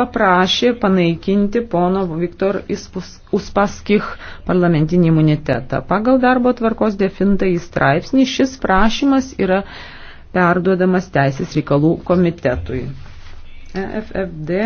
paprašė panaikinti pono Viktor Uspaskich parlamentinį imunitetą. Pagal darbo tvarkos defintąjį straipsnį šis prašymas yra perduodamas Teisės reikalų komitetui. EFFD